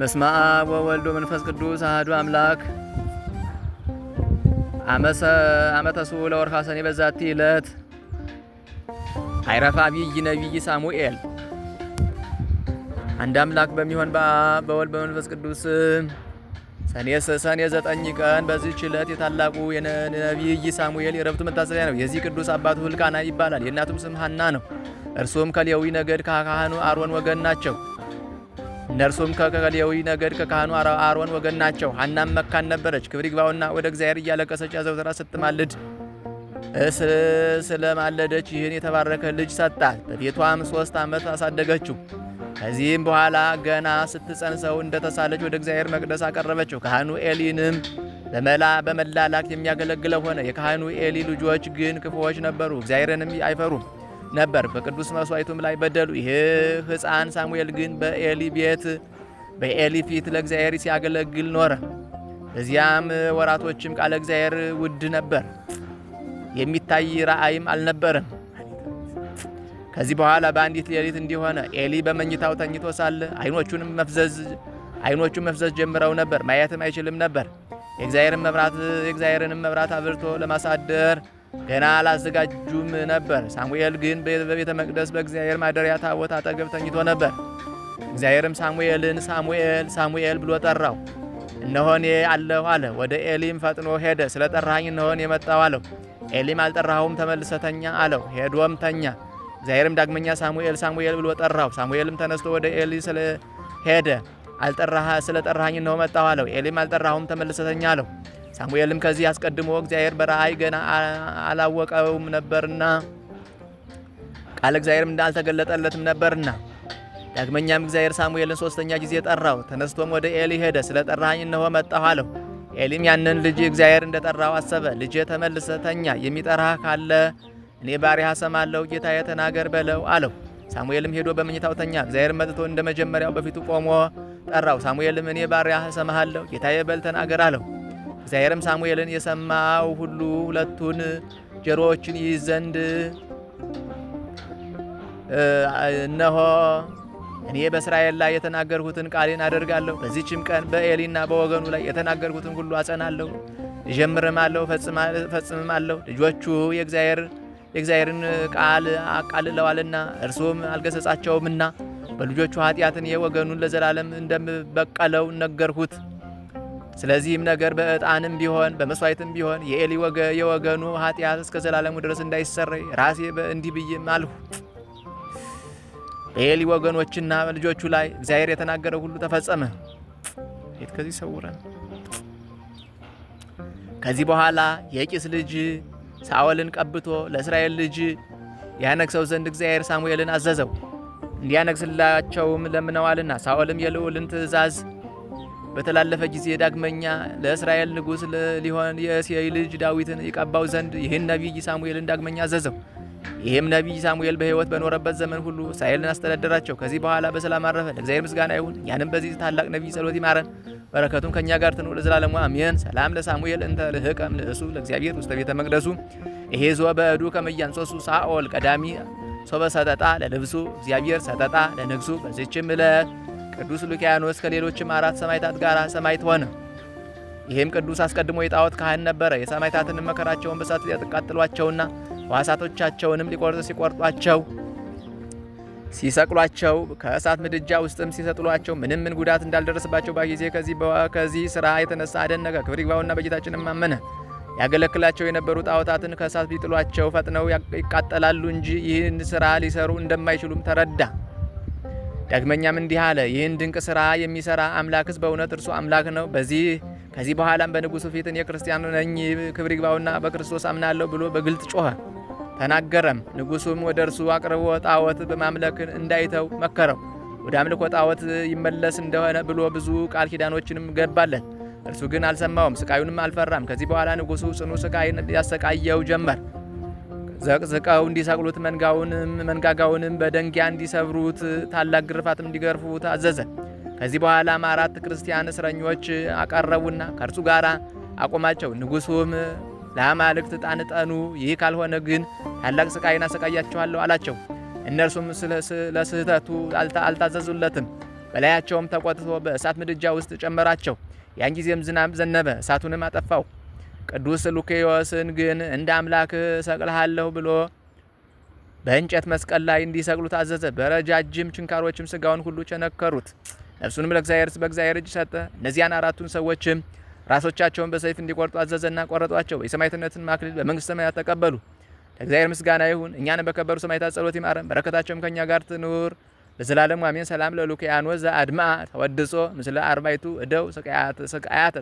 በስመ አብ ወወልድ ወመንፈስ ቅዱስ አህዱ አምላክ። አመተሱ ለወርሃ ሰኔ በዛቲ ዕለት አይረፋ ዐቢይ ነቢይ ሳሙኤል። አንድ አምላክ በሚሆን በአብ በወልድ በመንፈስ ቅዱስ ሰኔ ሰኔ ዘጠኝ ቀን በዚህች ዕለት የታላቁ የነቢይ ሳሙኤል የረብቱ መታሰቢያ ነው። የዚህ ቅዱስ አባቱ ሕልቃና ይባላል። የእናቱም ስም ሀና ነው። እርሱም ከሌዊ ነገድ ከካህኑ አሮን ወገን ናቸው። እነርሱም ከሌዊ ነገድ ከካህኑ አሮን ወገን ናቸው። ሐናም መካን ነበረች። ክብር ይግባውና ወደ እግዚአብሔር እያለቀሰች አዘውትራ ስትማልድ ስለማለደች ይህን የተባረከ ልጅ ሰጣት። በቤቷም ሶስት ዓመት አሳደገችው። ከዚህም በኋላ ገና ስትጸንሰው እንደተሳለች ወደ እግዚአብሔር መቅደስ አቀረበችው። ካህኑ ኤሊንም በመላ በመላላክ የሚያገለግለው ሆነ። የካህኑ ኤሊ ልጆች ግን ክፉዎች ነበሩ፣ እግዚአብሔርንም አይፈሩም። ነበር። በቅዱስ መስዋዕቱም ላይ በደሉ። ይህ ሕፃን ሳሙኤል ግን በኤሊ ቤት በኤሊ ፊት ለእግዚአብሔር ሲያገለግል ኖረ። በዚያም ወራቶችም ቃለ እግዚአብሔር ውድ ነበር፣ የሚታይ ራእይም አልነበረም። ከዚህ በኋላ በአንዲት ሌሊት እንዲሆነ ኤሊ በመኝታው ተኝቶ ሳለ አይኖቹንም መፍዘዝ አይኖቹ መፍዘዝ ጀምረው ነበር፣ ማየትም አይችልም ነበር። የእግዚአብሔርን መብራት የእግዚአብሔርንም መብራት አብርቶ ለማሳደር ገና አላዘጋጁም ነበር። ሳሙኤል ግን በቤተ መቅደስ በእግዚአብሔር ማደሪያ ታቦት አጠገብ ተኝቶ ነበር። እግዚአብሔርም ሳሙኤልን ሳሙኤል ሳሙኤል ብሎ ጠራው። እነሆን አለሁ አለ። ወደ ኤሊም ፈጥኖ ሄደ። ስለ ጠራኸኝ እነሆን የመጣው አለው። ኤሊም አልጠራኸውም፣ ተመልሰተኛ አለው። ሄዶም ተኛ። እግዚአብሔርም ዳግመኛ ሳሙኤል ሳሙኤል ብሎ ጠራው። ሳሙኤልም ተነስቶ ወደ ኤሊ ስለ ሄደ። ስለ ጠራኸኝ እነሆ መጣሁ አለው። ኤሊም አልጠራኸውም፣ ተመልሰተኛ አለው። ሳሙኤልም ከዚህ አስቀድሞ እግዚአብሔር በራእይ ገና አላወቀውም ነበርና ቃል እግዚአብሔር እንዳልተገለጠለትም ነበርና ዳግመኛም እግዚአብሔር ሳሙኤልን ሶስተኛ ጊዜ ጠራው። ተነስቶም ወደ ኤሊ ሄደ። ስለ ጠራኝ እነሆ መጣሁ አለው። ኤሊም ያንን ልጅ እግዚአብሔር እንደ ጠራው አሰበ። ልጄ ተመልሰ ተኛ፣ የሚጠራህ ካለ እኔ ባሪያህ ሰማለሁ፣ ጌታ የተናገር በለው አለው። ሳሙኤልም ሄዶ በመኝታው ተኛ። እግዚአብሔር መጥቶ እንደ መጀመሪያው በፊቱ ቆሞ ጠራው። ሳሙኤልም እኔ ባሪያ ሰማሃለሁ፣ ጌታ የበል ተናገር አለው። እግዚአብሔርም ሳሙኤልን የሰማው ሁሉ ሁለቱን ጆሮዎችን ይይዝ ዘንድ እነሆ እኔ በእስራኤል ላይ የተናገርሁትን ቃሌን አደርጋለሁ። በዚችም ቀን በኤሊና በወገኑ ላይ የተናገርሁትን ሁሉ አጸናለሁ፣ እጀምርማለሁ፣ ፈጽምማለሁ። ልጆቹ የእግዚአብሔርን ቃል አቃልለዋልና እርሱም አልገሰጻቸውምና በልጆቹ ኃጢአትን የወገኑን ለዘላለም እንደምበቀለው ነገርሁት። ስለዚህም ነገር በእጣንም ቢሆን በመሥዋዕትም ቢሆን የኤሊ ወገ የወገኑ ኃጢአት እስከ ዘላለሙ ድረስ እንዳይሰረይ ራሴ እንዲህ ብዬ አልሁ። በኤሊ ወገኖችና ልጆቹ ላይ እግዚአብሔር የተናገረው ሁሉ ተፈጸመ። ት ከዚህ ሰውረን። ከዚህ በኋላ የቂስ ልጅ ሳኦልን ቀብቶ ለእስራኤል ልጅ ያነግሰው ዘንድ እግዚአብሔር ሳሙኤልን አዘዘው። እንዲያነግስላቸውም ለምነዋልና ሳኦልም የልዑልን ትእዛዝ በተላለፈ ጊዜ ዳግመኛ ለእስራኤል ንጉሥ ሊሆን የእሴይ ልጅ ዳዊትን ይቀባው ዘንድ ይህን ነቢይ ሳሙኤልን ዳግመኛ አዘዘው። ይህም ነቢይ ሳሙኤል በሕይወት በኖረበት ዘመን ሁሉ እስራኤልን አስተዳደራቸው። ከዚህ በኋላ በሰላም አረፈ። ለእግዚአብሔር ምስጋና ይሁን። እኛንም በዚህ ታላቅ ነቢይ ጸሎት ይማረን፣ በረከቱም ከእኛ ጋር ትኑር ለዘላለሙ አሜን። ሰላም ለሳሙኤል እንተ ልህቀም ልእሱ ለእግዚአብሔር ውስተ ቤተ መቅደሱ ይሄዞ በእዱ ከመያንሶሱ ሳኦል ቀዳሚ ሶበ ሰጠጣ ለልብሱ እግዚአብሔር ሰጠጣ ለንግሱ በዚችም ዕለት ቅዱስ ሉኪያኖስ ከሌሎችም አራት ሰማይታት ጋር ሰማይት ሆነ። ይህም ቅዱስ አስቀድሞ የጣዖት ካህን ነበረ። የሰማይታትን መከራቸውን በሳት ሊያቃጥሏቸውና ዋሳቶቻቸውንም ሊቆርጡ ሲቆርጧቸው ሲሰቅሏቸው ከእሳት ምድጃ ውስጥም ሲሰጥሏቸው ምንም ምን ጉዳት እንዳልደረስባቸው ባጊዜ ከዚህ ስራ የተነሳ አደነቀ። ክብር ይግባውና በጌታችንም አመነ። ያገለክላቸው የነበሩ ጣዖታትን ከእሳት ቢጥሏቸው ፈጥነው ይቃጠላሉ እንጂ ይህን ስራ ሊሰሩ እንደማይችሉም ተረዳ። ዳግመኛም እንዲህ አለ፣ ይህን ድንቅ ስራ የሚሰራ አምላክስ በእውነት እርሱ አምላክ ነው። በዚህ ከዚህ በኋላም በንጉሱ ፊት እኔ ክርስቲያን ነኝ ክብር ይግባውና በክርስቶስ አምናለሁ ብሎ በግልጥ ጮኸ ተናገረም። ንጉሱም ወደ እርሱ አቅርቦ ጣዖት በማምለክ እንዳይተው መከረው። ወደ አምልኮ ጣዖት ይመለስ እንደሆነ ብሎ ብዙ ቃል ኪዳኖችንም ገባለት። እርሱ ግን አልሰማውም፣ ስቃዩንም አልፈራም። ከዚህ በኋላ ንጉሱ ጽኑ ስቃይን ያሰቃየው ጀመር። ዘቅዝቀው እንዲሰቅሉት መንጋውንም መንጋጋውንም በደንጊያ እንዲሰብሩት ታላቅ ግርፋትም እንዲገርፉት አዘዘ። ከዚህ በኋላም አራት ክርስቲያን እስረኞች አቀረቡና ከእርሱ ጋር አቆማቸው። ንጉሱም ለአማልክት ጣንጠኑ፣ ይህ ካልሆነ ግን ታላቅ ስቃይን አሰቃያችኋለሁ አላቸው። እነርሱም ለስህተቱ አልታዘዙለትም። በላያቸውም ተቆጥቶ በእሳት ምድጃ ውስጥ ጨመራቸው። ያን ጊዜም ዝናብ ዘነበ፣ እሳቱንም አጠፋው። ቅዱስ ሉኪዮስን ግን እንደ አምላክ እሰቅልሃለሁ ብሎ በእንጨት መስቀል ላይ እንዲሰቅሉ ታዘዘ። በረጃጅም ችንካሮችም ስጋውን ሁሉ ቸነከሩት፣ ነፍሱንም ለእግዚአብሔር በእግዚአብሔር እጅ ሰጠ። እነዚያን አራቱን ሰዎችም ራሶቻቸውን በሰይፍ እንዲቆርጡ አዘዘና ቆረጧቸው። የሰማዕትነትን አክሊል በመንግሥተ ሰማያት ተቀበሉ። ለእግዚአብሔር ምስጋና ይሁን፣ እኛን በከበሩ ሰማዕታት ጸሎት ይማረን፣ በረከታቸውም ከእኛ ጋር ትኑር ለዘላለም አሜን። ሰላም ለሉኪያኖስ ዘአድማ ተወድሶ ምስለ አርባይቱ እደው ስቃያተ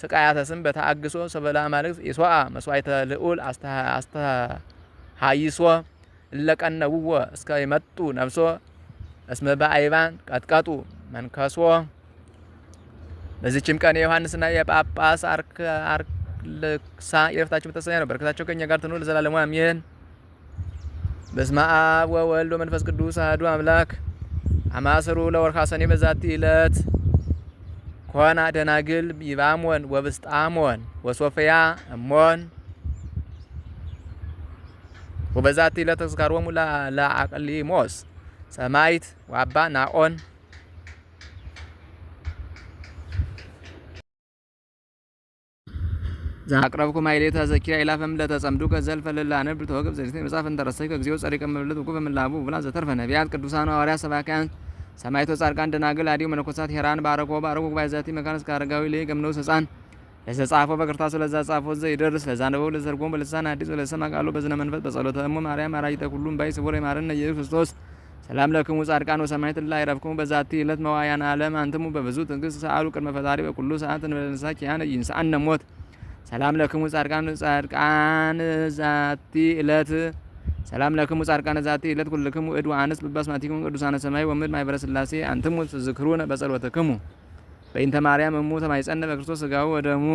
ስቃያተ ስም በተአግሶ ሰበላ ማለክ ይሶአ መስዋይተ ልዑል አስተሃይሶ እለቀነውዎ እስከ ይመጡ ነብሶ እስመ በአይባን ቀጥቀጡ መንከሶ። በዚችም ቀን የዮሐንስና የጳጳስ አርክልክሳ የረፍታቸው መታሰቢያ ነው። በረከታቸው ከኛ ጋር ትኑር ለዘላለሙ አሜን። በስመ አብ ወወልድ ወመንፈስ ቅዱስ አሐዱ አምላክ። አማስሩ ለወርሃ ሰኔ በዛቲ ዕለት ኮና ደናግል ይባሞን ወብስጥ አሞን ወሶፍያ እሞን ወበዛቲ ለአቅሊ ሞስ ሰማይት ወአባ ናኦን አቅረብኩ ማይሌ ተዘኪራ ኢላፈም ለተጸምዱ ከዘልፈ ለላነብ ተወግብ ዘሪት መጻፍ እንተረሰይ ከግዚኦ ጸሪቀ መብለት ወቁ በመላቡ ብላ ዘተርፈ ነቢያት ቅዱሳን ሐዋርያ ሰባካያን ሰማይቶ ጻድቃን ደናግል አዲው መነኮሳት ሄራን ባረኮ ባረኮ ባይዛቲ መካነስ ካረጋዊ ለይ ገምነው ሰጻን ለተጻፎ በቅርታሱ ለዛ ጻፎ ዘ ይደርስ ለዛ ነው ለዘርጎም በልሳን አዲስ ለሰማ ቃሉ በዝነ መንፈስ በጸሎተ እሙ ማርያም አራጅተ ሁሉም ባይ ስቡር ይማረነ ኢየሱስ ክርስቶስ ሰላም ለክሙ ጻድቃን ወሰማይት ላይ ረፍክሙ በዛቲ ዕለት መዋያን ዓለም አንትሙ በብዙ ትንግስ ሰአሉ ቅድመ ፈጣሪ በኩሉ ሰዓት እንበለንሳ ኪያነ ይንሳአነ ሞት ሰላም ለክሙ ጻድቃን ጻድቃን ዛቲ ዕለት ሰላም ለክሙ ጻድቃነ ዛቲ ዕለት ኩልክሙ እድ ወአንስ በባስማቲክሙ ቅዱሳነ ሰማይ ወምድር ማኅበረ ሥላሴ አንትሙ ትዝክሩነ በጸሎትክሙ በእንተ ማርያም እሙ ተማይጸነ በክርስቶስ ሥጋው ወደሙ